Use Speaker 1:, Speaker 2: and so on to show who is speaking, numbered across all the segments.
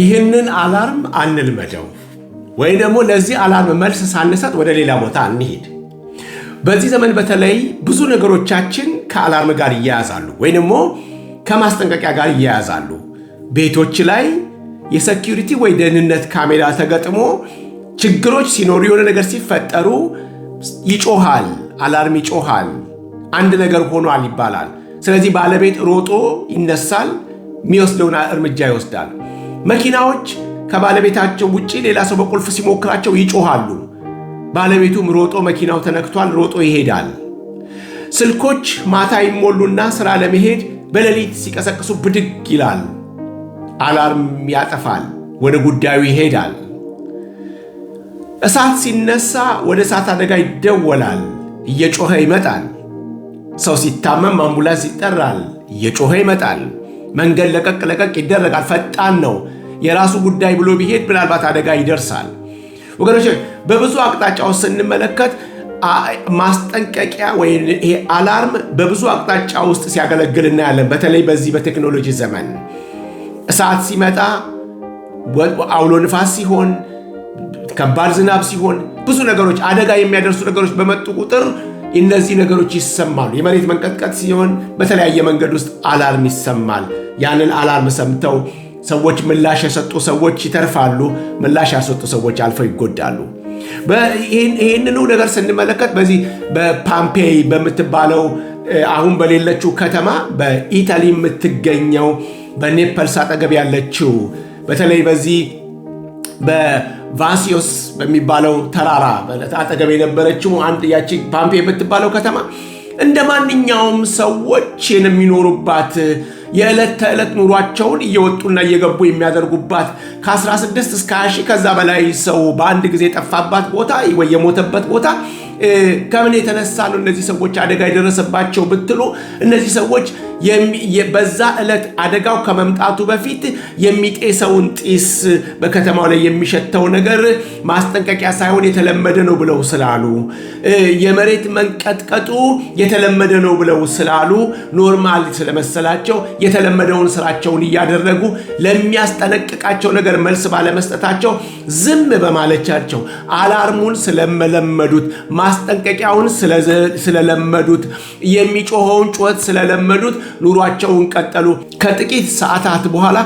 Speaker 1: ይህንን አላርም አንልመደው ወይ ደግሞ ለዚህ አላርም መልስ ሳንሰጥ ወደ ሌላ ቦታ እንሄድ። በዚህ ዘመን በተለይ ብዙ ነገሮቻችን ከአላርም ጋር ይያያዛሉ፣ ወይ ደግሞ ከማስጠንቀቂያ ጋር ይያያዛሉ። ቤቶች ላይ የሰኪሪቲ ወይ ደህንነት ካሜራ ተገጥሞ ችግሮች ሲኖሩ የሆነ ነገር ሲፈጠሩ ይጮሃል፣ አላርም ይጮሃል። አንድ ነገር ሆኗል ይባላል። ስለዚህ ባለቤት ሮጦ ይነሳል፣ የሚወስደውን እርምጃ ይወስዳል። መኪናዎች ከባለቤታቸው ውጪ ሌላ ሰው በቁልፍ ሲሞክራቸው ይጮሃሉ። ባለቤቱም ሮጦ መኪናው ተነክቷል፣ ሮጦ ይሄዳል። ስልኮች ማታ ይሞሉና ሥራ ለመሄድ በሌሊት ሲቀሰቅሱ ብድግ ይላል። አላርም ያጠፋል፣ ወደ ጉዳዩ ይሄዳል። እሳት ሲነሳ ወደ እሳት አደጋ ይደወላል፣ እየጮኸ ይመጣል። ሰው ሲታመም አምቡላንስ ይጠራል፣ እየጮኸ ይመጣል። መንገድ ለቀቅ ለቀቅ ይደረጋል፣ ፈጣን ነው። የራሱ ጉዳይ ብሎ ቢሄድ ምናልባት አደጋ ይደርሳል። ወገኖች በብዙ አቅጣጫው ስንመለከት ማስጠንቀቂያ ወይም ይሄ አላርም በብዙ አቅጣጫ ውስጥ ሲያገለግል እናያለን። በተለይ በዚህ በቴክኖሎጂ ዘመን እሳት ሲመጣ፣ አውሎ ንፋስ ሲሆን፣ ከባድ ዝናብ ሲሆን፣ ብዙ ነገሮች አደጋ የሚያደርሱ ነገሮች በመጡ ቁጥር እነዚህ ነገሮች ይሰማሉ። የመሬት መንቀጥቀጥ ሲሆን በተለያየ መንገድ ውስጥ አላርም ይሰማል። ያንን አላርም ሰምተው ሰዎች ምላሽ የሰጡ ሰዎች ይተርፋሉ፣ ምላሽ ያልሰጡ ሰዎች አልፈው ይጎዳሉ። ይህንኑ ነገር ስንመለከት በዚህ በፓምፔይ በምትባለው አሁን በሌለችው ከተማ በኢታሊ የምትገኘው በኔፐልስ አጠገብ ያለችው በተለይ በዚህ በቫሲዮስ በሚባለው ተራራ አጠገብ የነበረችው አንድ ያቺ ፓምፔ የምትባለው ከተማ እንደ ማንኛውም ሰዎች የሚኖሩባት የዕለት ተዕለት ኑሯቸውን እየወጡና እየገቡ የሚያደርጉባት ከ16 እስከ 20 ሺህ ከዛ በላይ ሰው በአንድ ጊዜ የጠፋባት ቦታ ወይ የሞተበት ቦታ ከምን የተነሳ ነው እነዚህ ሰዎች አደጋ የደረሰባቸው ብትሉ እነዚህ ሰዎች በዛ ዕለት አደጋው ከመምጣቱ በፊት የሚጤሰውን ጢስ በከተማው ላይ የሚሸተው ነገር ማስጠንቀቂያ ሳይሆን የተለመደ ነው ብለው ስላሉ፣ የመሬት መንቀጥቀጡ የተለመደ ነው ብለው ስላሉ ኖርማል ስለመሰላቸው የተለመደውን ስራቸውን እያደረጉ ለሚያስጠነቅቃቸው ነገር መልስ ባለመስጠታቸው ዝም በማለቻቸው አላርሙን ስለመለመዱት ማስጠንቀቂያውን ስለለመዱት የሚጮኸውን ጩኸት ስለለመዱት ኑሯቸውን ቀጠሉ። ከጥቂት ሰዓታት በኋላ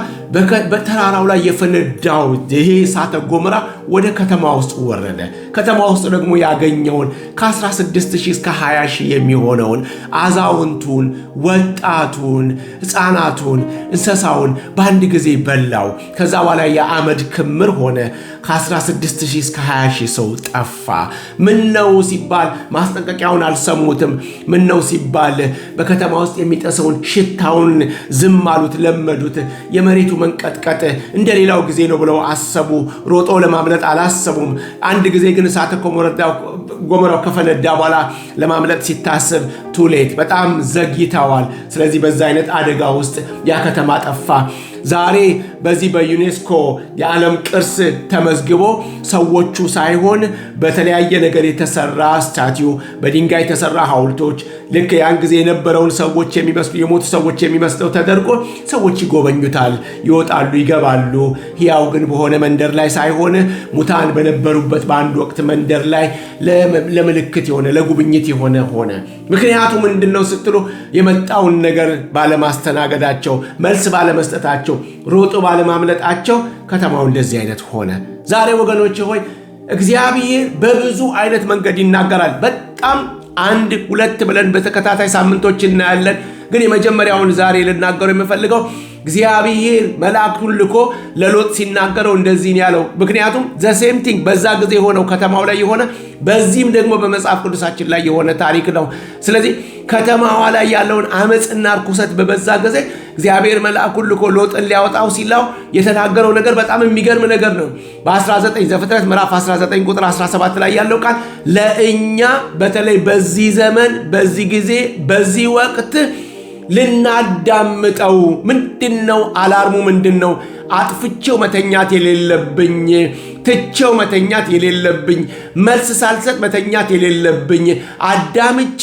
Speaker 1: በተራራው ላይ የፈነዳው ይሄ እሳተ ጎመራ ወደ ከተማ ውስጥ ወረደ። ከተማ ውስጥ ደግሞ ያገኘውን ከ16000 እስከ ሺህ የሚሆነውን አዛውንቱን፣ ወጣቱን፣ ሕፃናቱን፣ እንስሳውን በአንድ ጊዜ በላው። ከዛ በኋላ የአመድ ክምር ሆነ። ከ16000 እስከ ሺህ ሰው ጠፋ። ነው ሲባል ማስጠንቀቂያውን አልሰሙትም። ነው ሲባል በከተማ ውስጥ የሚጠሰውን ሽታውን ዝም አሉት፣ ለመዱት የመሬቱ መንቀጥቀጥ እንደ ሌላው ጊዜ ነው ብለው አሰቡ። ሮጦ ለማምለጥ አላሰቡም። አንድ ጊዜ ግን እሳተ ገሞራው ከፈነዳ በኋላ ለማምለጥ ሲታስብ ቱሌት በጣም ዘግይተዋል። ስለዚህ በዛ አይነት አደጋ ውስጥ ያ ከተማ ጠፋ። ዛሬ በዚህ በዩኔስኮ የዓለም ቅርስ ተመዝግቦ ሰዎቹ ሳይሆን በተለያየ ነገር የተሰራ ስታቲዩ፣ በድንጋይ የተሰራ ሐውልቶች ልክ ያን ጊዜ የነበረውን ሰዎች የሚመስሉ የሞቱ ሰዎች የሚመስለው ተደርጎ ሰዎች ይጎበኙታል፣ ይወጣሉ፣ ይገባሉ። ሕያው ግን በሆነ መንደር ላይ ሳይሆን ሙታን በነበሩበት በአንድ ወቅት መንደር ላይ ለምልክት የሆነ ለጉብኝት የሆነ ሆነ። ምክንያቱ ምንድን ነው ስትሉ የመጣውን ነገር ባለማስተናገዳቸው መልስ ባለመስጠታቸው ሮጥ ባለማምለጣቸው ከተማው እንደዚህ አይነት ሆነ። ዛሬ ወገኖች ሆይ እግዚአብሔር በብዙ አይነት መንገድ ይናገራል። በጣም አንድ ሁለት ብለን በተከታታይ ሳምንቶች እናያለን። ግን የመጀመሪያውን ዛሬ ልናገሩ የምፈልገው እግዚአብሔር መልአኩን ልኮ ለሎጥ ሲናገረው እንደዚህ ያለው። ምክንያቱም ዘሴም ቲንግ በዛ ጊዜ የሆነው ከተማው ላይ የሆነ በዚህም ደግሞ በመጽሐፍ ቅዱሳችን ላይ የሆነ ታሪክ ነው። ስለዚህ ከተማዋ ላይ ያለውን አመፅና ርኩሰት በበዛ ጊዜ እግዚአብሔር መልአኩን ልኮ ሎጥን ሊያወጣው ሲላው የተናገረው ነገር በጣም የሚገርም ነገር ነው። በ19 ዘፍጥረት ምዕራፍ 19 ቁጥር 17 ላይ ያለው ቃል ለእኛ በተለይ በዚህ ዘመን፣ በዚህ ጊዜ፣ በዚህ ወቅት ልናዳምጠው ምንድን ነው አላርሙ? ምንድን ነው አጥፍቼው መተኛት የሌለብኝ ትቼው መተኛት የሌለብኝ መልስ ሳልሰጥ መተኛት የሌለብኝ አዳምጬ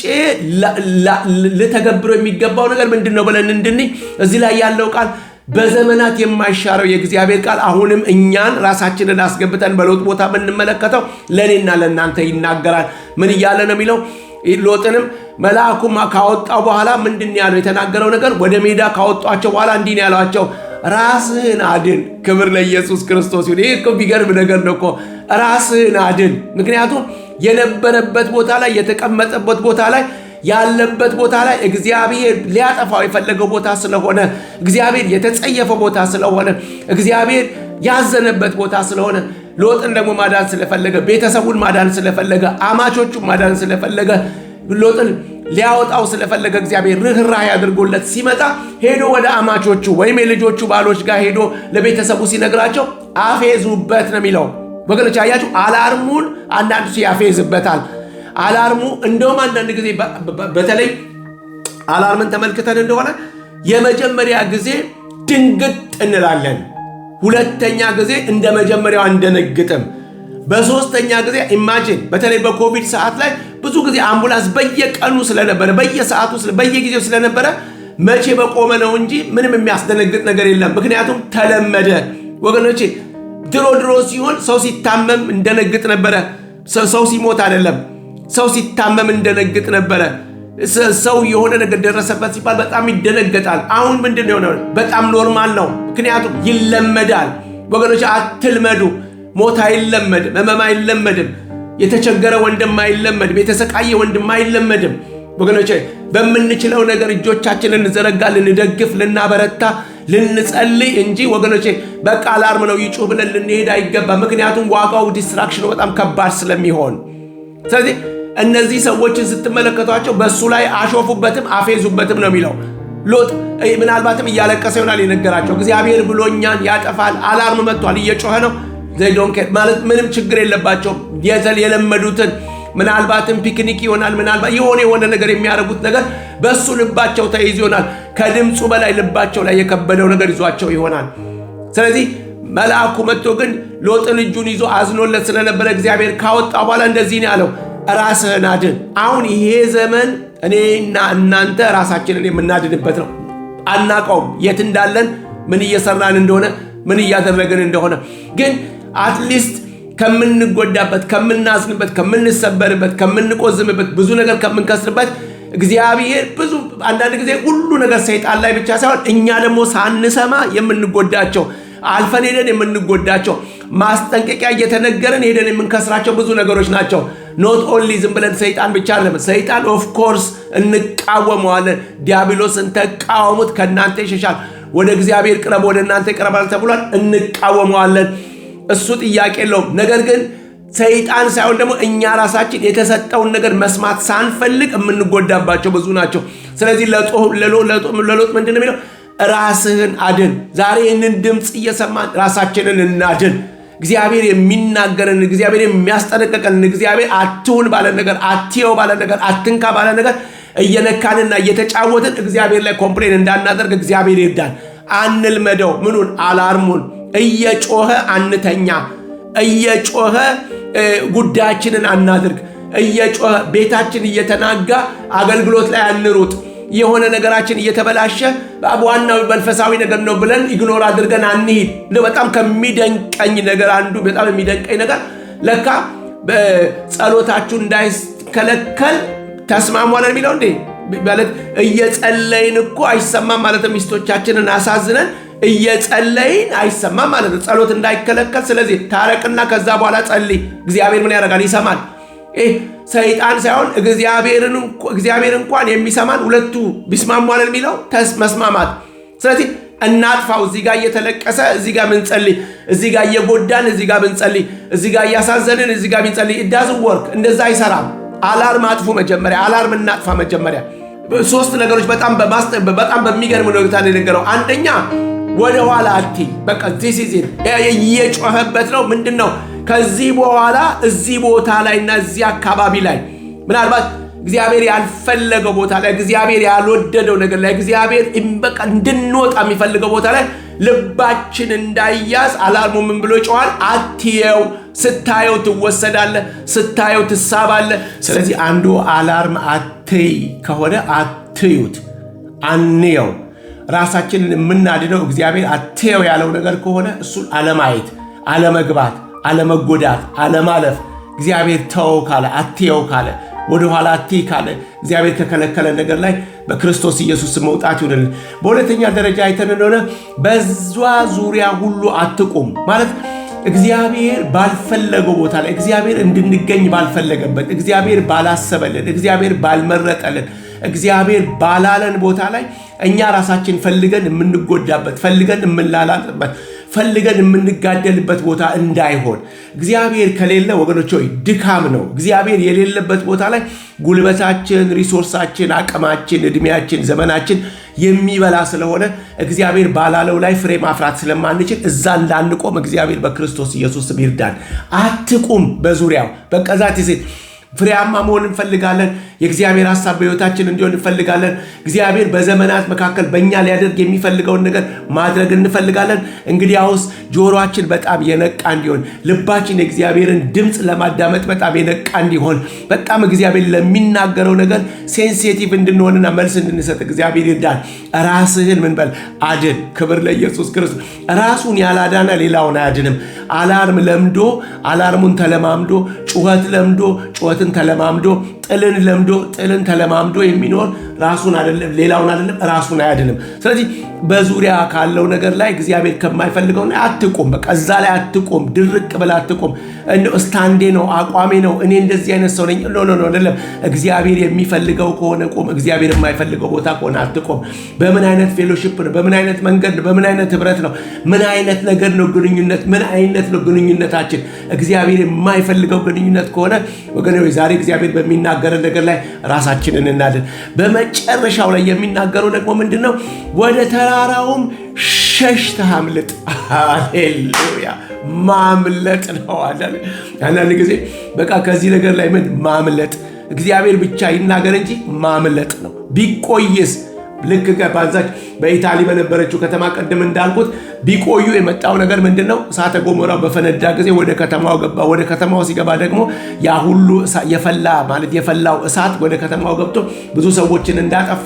Speaker 1: ልተገብረው የሚገባው ነገር ምንድን ነው ብለን እንድንይ እዚህ ላይ ያለው ቃል በዘመናት የማይሻረው የእግዚአብሔር ቃል አሁንም እኛን ራሳችንን አስገብተን በለውጥ ቦታ የምንመለከተው ለእኔና ለእናንተ ይናገራል። ምን እያለ ነው የሚለው? ይህ ሎጥንም መልአኩም ካወጣው በኋላ ምንድን ያለው የተናገረው ነገር ወደ ሜዳ ካወጧቸው በኋላ እንዲህ ያሏቸው ራስህን አድን። ክብር ለኢየሱስ ክርስቶስ ይሁን። ይህ ቢገርም ነገር ነው እኮ ራስህን አድን። ምክንያቱም የነበረበት ቦታ ላይ የተቀመጠበት ቦታ ላይ ያለበት ቦታ ላይ እግዚአብሔር ሊያጠፋው የፈለገው ቦታ ስለሆነ እግዚአብሔር የተጸየፈው ቦታ ስለሆነ እግዚአብሔር ያዘነበት ቦታ ስለሆነ ሎጥን ደግሞ ማዳን ስለፈለገ፣ ቤተሰቡን ማዳን ስለፈለገ፣ አማቾቹን ማዳን ስለፈለገ፣ ሎጥን ሊያወጣው ስለፈለገ እግዚአብሔር ርኅራኄ አድርጎለት ሲመጣ ሄዶ ወደ አማቾቹ ወይም የልጆቹ ባሎች ጋር ሄዶ ለቤተሰቡ ሲነግራቸው አፌዙበት ነው የሚለው። ወገኖች አያችሁ፣ አላርሙን አንዳንዱ ያፌዝበታል። አላርሙ እንደውም አንዳንድ ጊዜ በተለይ አላርምን ተመልክተን እንደሆነ የመጀመሪያ ጊዜ ድንግጥ እንላለን። ሁለተኛ ጊዜ እንደ መጀመሪያው አንደነግጥም። በሶስተኛ ጊዜ ኢማጂን በተለይ በኮቪድ ሰዓት ላይ ብዙ ጊዜ አምቡላንስ በየቀኑ ስለነበረ በየሰዓቱ በየጊዜው ስለነበረ መቼ በቆመ ነው እንጂ ምንም የሚያስደነግጥ ነገር የለም። ምክንያቱም ተለመደ። ወገኖቼ ድሮ ድሮ ሲሆን ሰው ሲታመም እንደነግጥ ነበረ። ሰው ሲሞት አይደለም፣ ሰው ሲታመም እንደነግጥ ነበረ። ሰው የሆነ ነገር ደረሰበት ሲባል በጣም ይደነገጣል። አሁን ምንድን ነው የሆነ? በጣም ኖርማል ነው፣ ምክንያቱም ይለመዳል። ወገኖች አትልመዱ። ሞት አይለመድም፣ ህመም አይለመድም፣ የተቸገረ ወንድም አይለመድም፣ የተሰቃየ ወንድም አይለመድም። ወገኖች በምንችለው ነገር እጆቻችንን ልንዘረጋ፣ ልንደግፍ፣ ልናበረታ፣ ልንጸልይ እንጂ ወገኖች በቃ አላርም ነው ይጩህ ብለን ልንሄድ አይገባ። ምክንያቱም ዋጋው ዲስትራክሽኑ በጣም ከባድ ስለሚሆን ስለዚህ እነዚህ ሰዎችን ስትመለከቷቸው በእሱ ላይ አሾፉበትም አፌዙበትም ነው የሚለው። ሎጥ ምናልባትም እያለቀሰ ይሆናል የነገራቸው። እግዚአብሔር ብሎኛን ያጠፋል፣ አላርም መጥቷል፣ እየጮኸ ነው ማለት ምንም ችግር የለባቸውም። የዘል የለመዱትን ምናልባትም ፒክኒክ ይሆናል፣ ምናልባት የሆነ የሆነ ነገር የሚያደርጉት ነገር በእሱ ልባቸው ተይዞ ይሆናል። ከድምፁ በላይ ልባቸው ላይ የከበደው ነገር ይዟቸው ይሆናል። ስለዚህ መልአኩ መጥቶ ግን ሎጥን እጁን ይዞ አዝኖለት ስለነበረ እግዚአብሔር ካወጣ በኋላ እንደዚህ ነው ያለው ራስህን አድን። አሁን ይሄ ዘመን እኔና እናንተ ራሳችንን የምናድንበት ነው። አናውቀውም የት እንዳለን፣ ምን እየሰራን እንደሆነ፣ ምን እያደረግን እንደሆነ ግን አትሊስት ከምንጎዳበት፣ ከምናዝንበት፣ ከምንሰበርበት፣ ከምንቆዝምበት፣ ብዙ ነገር ከምንከስርበት እግዚአብሔር ብዙ አንዳንድ ጊዜ ሁሉ ነገር ሰይጣን ላይ ብቻ ሳይሆን እኛ ደግሞ ሳንሰማ የምንጎዳቸው አልፈን ሄደን የምንጎዳቸው ማስጠንቀቂያ እየተነገረን ሄደን የምንከስራቸው ብዙ ነገሮች ናቸው። ኖት ኦንሊ ዝም ብለን ሰይጣን ብቻ አለም። ሰይጣን ኦፍ ኮርስ እንቃወመዋለን። ዲያብሎስን ተቃወሙት ከእናንተ ይሸሻል። ወደ እግዚአብሔር ቅረብ፣ ወደ እናንተ ይቀርባል ተብሏል። እንቃወመዋለን። እሱ ጥያቄ የለውም። ነገር ግን ሰይጣን ሳይሆን ደግሞ እኛ ራሳችን የተሰጠውን ነገር መስማት ሳንፈልግ የምንጎዳባቸው ብዙ ናቸው። ስለዚህ ለሎጥ ምንድን ነው የሚለው? ራስህን አድን። ዛሬ ይህንን ድምፅ እየሰማን ራሳችንን እናድን። እግዚአብሔር የሚናገርን፣ እግዚአብሔር የሚያስጠነቀቀን፣ እግዚአብሔር አትሁን ባለ ነገር፣ አትየው ባለ ነገር፣ አትንካ ባለ ነገር እየነካንና እየተጫወትን እግዚአብሔር ላይ ኮምፕሌን እንዳናደርግ እግዚአብሔር ይርዳን። አንልመደው ምኑን አላርሙን እየጮኸ አንተኛ፣ እየጮኸ ጉዳያችንን አናድርግ፣ እየጮኸ ቤታችን እየተናጋ አገልግሎት ላይ አንሩጥ። የሆነ ነገራችን እየተበላሸ ዋናው መንፈሳዊ ነገር ነው ብለን ኢግኖር አድርገን አንሂድ። በጣም ከሚደንቀኝ ነገር አንዱ በጣም የሚደንቀኝ ነገር ለካ ጸሎታችሁ እንዳይከለከል ተስማሟለን የሚለው እንዴ ማለት እየጸለይን እኮ አይሰማም ማለት ሚስቶቻችንን አሳዝነን እየጸለይን አይሰማም ማለት ነው። ጸሎት እንዳይከለከል ስለዚህ ታረቅና ከዛ በኋላ ጸልይ። እግዚአብሔር ምን ያደርጋል? ይሰማል። ይህ ሰይጣን ሳይሆን እግዚአብሔር እንኳን የሚሰማን ሁለቱ ቢስማሙ አለ የሚለው መስማማት። ስለዚህ እናጥፋው። እዚህ ጋር እየተለቀሰ እዚህ ጋር ብንጸልይ፣ እዚህ ጋር እየጎዳን እዚህ ጋር ብንጸልይ፣ እዚህ ጋር እያሳዘንን እዚህ ጋር ብንጸልይ ኢዳዝ ወርክ እንደዛ አይሰራም። አላርም አጥፉ መጀመሪያ፣ አላርም እናጥፋ መጀመሪያ። ሶስት ነገሮች በጣም በጣም በሚገርም ሁኔታ የነገረው አንደኛ ወደኋላ ኋላ አቲ በቃ ዚስ እየጮኸበት ነው ምንድን ነው ከዚህ በኋላ እዚህ ቦታ ላይ እና እዚህ አካባቢ ላይ ምናልባት እግዚአብሔር ያልፈለገው ቦታ ላይ እግዚአብሔር ያልወደደው ነገር ላይ እግዚአብሔር በቃ እንድንወጣ የሚፈልገው ቦታ ላይ ልባችን እንዳያዝ አላልሞ ምን ብሎ ጨዋል? አትየው። ስታየው ትወሰዳለ ስታየው ትሳባለ ስለዚህ አንዱ አላርም አትይ ከሆነ አትዩት፣ አንየው። ራሳችንን የምናድነው እግዚአብሔር አትየው ያለው ነገር ከሆነ እሱን አለማየት፣ አለመግባት አለመጎዳት፣ አለማለፍ እግዚአብሔር ተው ካለ አትየው ካለ ወደኋላ አትይ ካለ እግዚአብሔር ከከለከለ ነገር ላይ በክርስቶስ ኢየሱስ መውጣት ይሆንልን። በሁለተኛ ደረጃ አይተን እንደሆነ በዛ ዙሪያ ሁሉ አትቁም ማለት እግዚአብሔር ባልፈለገው ቦታ ላይ እግዚአብሔር እንድንገኝ ባልፈለገበት፣ እግዚአብሔር ባላሰበልን፣ እግዚአብሔር ባልመረጠልን፣ እግዚአብሔር ባላለን ቦታ ላይ እኛ ራሳችን ፈልገን የምንጎዳበት ፈልገን የምንላላጥበት ፈልገን የምንጋደልበት ቦታ እንዳይሆን እግዚአብሔር ከሌለ ወገኖች ሆይ ድካም ነው። እግዚአብሔር የሌለበት ቦታ ላይ ጉልበታችን፣ ሪሶርሳችን፣ አቅማችን፣ እድሜያችን፣ ዘመናችን የሚበላ ስለሆነ እግዚአብሔር ባላለው ላይ ፍሬ ማፍራት ስለማንችል እዛ እንዳንቆም እግዚአብሔር በክርስቶስ ኢየሱስ ይርዳን። አትቁም በዙሪያው በቀዛት ሴት ፍሬያማ መሆን እንፈልጋለን። የእግዚአብሔር ሀሳብ በሕይወታችን እንዲሆን እንፈልጋለን። እግዚአብሔር በዘመናት መካከል በእኛ ሊያደርግ የሚፈልገውን ነገር ማድረግ እንፈልጋለን። እንግዲያውስ ጆሮአችን በጣም የነቃ እንዲሆን፣ ልባችን የእግዚአብሔርን ድምፅ ለማዳመጥ በጣም የነቃ እንዲሆን፣ በጣም እግዚአብሔር ለሚናገረው ነገር ሴንሲቲቭ እንድንሆንና መልስ እንድንሰጥ እግዚአብሔር ይርዳል። ራስህን ምን በል አድን። ክብር ለኢየሱስ ክርስቶስ። ራሱን ያላዳነ ሌላውን አያድንም። አላርም ለምዶ አላርሙን ተለማምዶ ጩኸት ለምዶ ጩኸት ጩኸትን ተለማምዶ ጥልን ለምዶ ጥልን ተለማምዶ የሚኖር ራሱን አይደለም ሌላውን አይደለም ራሱን አያድንም። ስለዚህ በዙሪያ ካለው ነገር ላይ እግዚአብሔር ከማይፈልገው አትቆም። በቃ እዛ ላይ አትቁም፣ ድርቅ ብላ አትቆም። ስታንዴ ነው አቋሜ ነው እኔ እንደዚህ አይነት ሰው ነኝ። ኖ ኖ እግዚአብሔር የሚፈልገው ከሆነ ቁም፣ እግዚአብሔር የማይፈልገው ቦታ ከሆነ አትቁም። በምን አይነት ፌሎሺፕ ነው? በምን አይነት መንገድ ነው? በምን አይነት ህብረት ነው? ምን አይነት ነገር ነው ግንኙነት? ምን አይነት ነው ግንኙነታችን? እግዚአብሔር የማይፈልገው ግንኙነት ከሆነ ወገን ዛሬ እግዚአብሔር በሚናገረ ነገር ላይ ራሳችንን እናድን። በመጨረሻው ላይ የሚናገረው ደግሞ ምንድን ነው ወደ ተራ ተራራውም ሸሽተህ አምልጥ። ሃሌሉያ ማምለጥ ነው አለ። አንዳንድ ጊዜ በቃ ከዚህ ነገር ላይ ምን ማምለጥ፣ እግዚአብሔር ብቻ ይናገር እንጂ ማምለጥ ነው። ቢቆይስ ልክ ባዛች በኢታሊ በነበረችው ከተማ ቀደም እንዳልኩት ቢቆዩ የመጣው ነገር ምንድን ነው? እሳተ ገሞራው በፈነዳ ጊዜ ወደ ከተማው ገባ። ወደ ከተማው ሲገባ ደግሞ ያ ሁሉ የፈላ ማለት የፈላው እሳት ወደ ከተማው ገብቶ ብዙ ሰዎችን እንዳጠፋ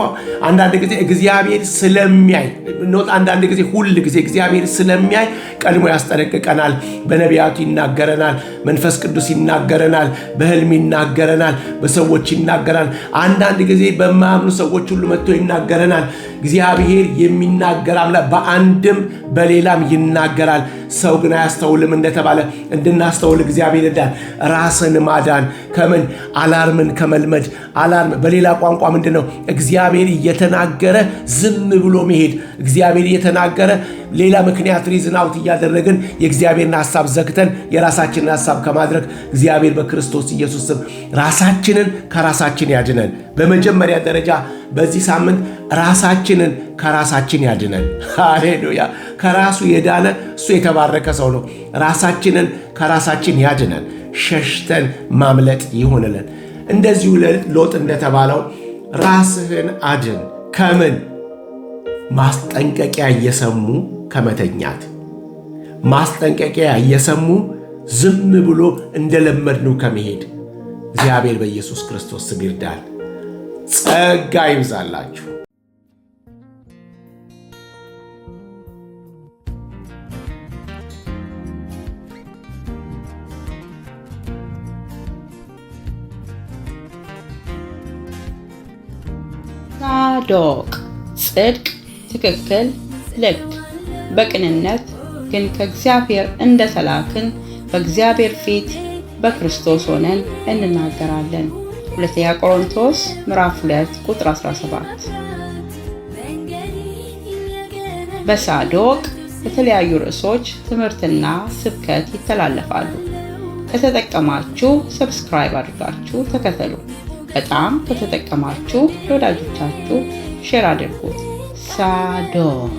Speaker 1: አንዳንድ ጊዜ እግዚአብሔር ስለሚያይ አንዳንድ ጊዜ ሁል ጊዜ እግዚአብሔር ስለሚያይ ቀድሞ ያስጠነቅቀናል። በነቢያቱ ይናገረናል። መንፈስ ቅዱስ ይናገረናል። በህልም ይናገረናል። በሰዎች ይናገራል። አንዳንድ ጊዜ በማያምኑ ሰዎች ሁሉ መጥቶ ይናገረናል። na እግዚአብሔር የሚናገር አምላክ በአንድም በሌላም ይናገራል፣ ሰው ግን አያስተውልም እንደተባለ እንድናስተውል እግዚአብሔር እዳን ራስን ማዳን ከምን አላርምን ከመልመድ አላርም በሌላ ቋንቋ ምንድን ነው? እግዚአብሔር እየተናገረ ዝም ብሎ መሄድ፣ እግዚአብሔር እየተናገረ ሌላ ምክንያት ሪዝን አውት እያደረግን የእግዚአብሔርን ሀሳብ ዘግተን የራሳችንን ሀሳብ ከማድረግ እግዚአብሔር በክርስቶስ ኢየሱስ ስም ራሳችንን ከራሳችን ያድነን። በመጀመሪያ ደረጃ በዚህ ሳምንት ራሳችን ሁላችንን ከራሳችን ያድነን። ሃሌሉያ! ከራሱ የዳነ እሱ የተባረከ ሰው ነው። ራሳችንን ከራሳችን ያድነን፣ ሸሽተን ማምለጥ ይሆንልን። እንደዚሁ ሎጥ እንደተባለው ራስህን አድን ከምን ማስጠንቀቂያ እየሰሙ ከመተኛት ማስጠንቀቂያ እየሰሙ ዝም ብሎ እንደለመድነው ከመሄድ እግዚአብሔር በኢየሱስ ክርስቶስ ስም ይርዳል። ጸጋ ይብዛላችሁ።
Speaker 2: ዶቅ ጽድቅ፣ ትክክል፣ ልክ፣ በቅንነት ግን ከእግዚአብሔር እንደ ተላክን በእግዚአብሔር ፊት በክርስቶስ ሆነን እንናገራለን። ሁለተኛ ቆሮንቶስ ምዕራፍ 2 ቁጥር 17። በሳዶቅ የተለያዩ ርዕሶች ትምህርትና ስብከት ይተላለፋሉ። ከተጠቀማችሁ ሰብስክራይብ አድርጋችሁ ተከተሉ። በጣም ከተጠቀማችሁ ለወዳጆቻችሁ ሼር አድርጉት። ሳዶቅ